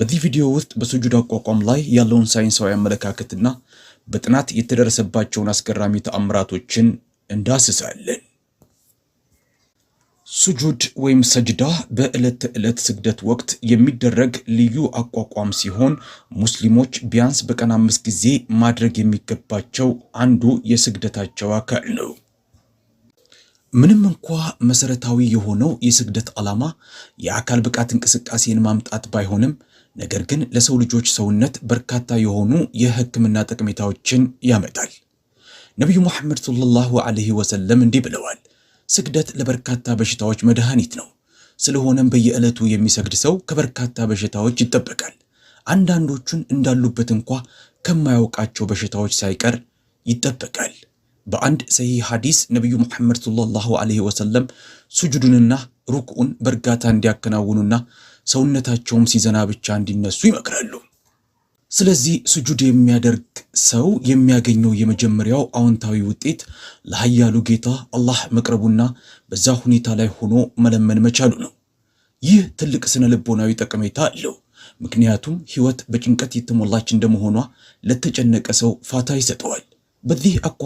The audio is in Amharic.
በዚህ ቪዲዮ ውስጥ በሱጁድ አቋቋም ላይ ያለውን ሳይንሳዊ አመለካከትና በጥናት የተደረሰባቸውን አስገራሚ ተአምራቶችን እንዳስሳለን። ሱጁድ ወይም ሰጅዳ በዕለት ተዕለት ስግደት ወቅት የሚደረግ ልዩ አቋቋም ሲሆን ሙስሊሞች ቢያንስ በቀን አምስት ጊዜ ማድረግ የሚገባቸው አንዱ የስግደታቸው አካል ነው። ምንም እንኳ መሰረታዊ የሆነው የስግደት ዓላማ የአካል ብቃት እንቅስቃሴን ማምጣት ባይሆንም ነገር ግን ለሰው ልጆች ሰውነት በርካታ የሆኑ የህክምና ጠቀሜታዎችን ያመጣል። ነቢዩ ሙሐመድ ሶለላሁ ዐለይሂ ወሰለም እንዲህ ብለዋል፣ ስግደት ለበርካታ በሽታዎች መድኃኒት ነው። ስለሆነም በየዕለቱ የሚሰግድ ሰው ከበርካታ በሽታዎች ይጠበቃል። አንዳንዶቹን እንዳሉበት እንኳ ከማያውቃቸው በሽታዎች ሳይቀር ይጠበቃል። በአንድ ሰሂህ ሐዲስ ነቢዩ ሙሐመድ ሰለላሁ ዐለይሂ ወሰለም ሱጁዱንና ሩክዑን በእርጋታ እንዲያከናውኑና ሰውነታቸውም ሲዘና ብቻ እንዲነሱ ይመክራሉ። ስለዚህ ስጁድ የሚያደርግ ሰው የሚያገኘው የመጀመሪያው አዎንታዊ ውጤት ለሀያሉ ጌታ አላህ መቅረቡና በዛ ሁኔታ ላይ ሆኖ መለመን መቻሉ ነው። ይህ ትልቅ ስነ ልቦናዊ ጠቀሜታ አለው። ምክንያቱም ሕይወት በጭንቀት የተሞላች እንደመሆኗ ለተጨነቀ ሰው ፋታ ይሰጠዋል። በዚህ አኳ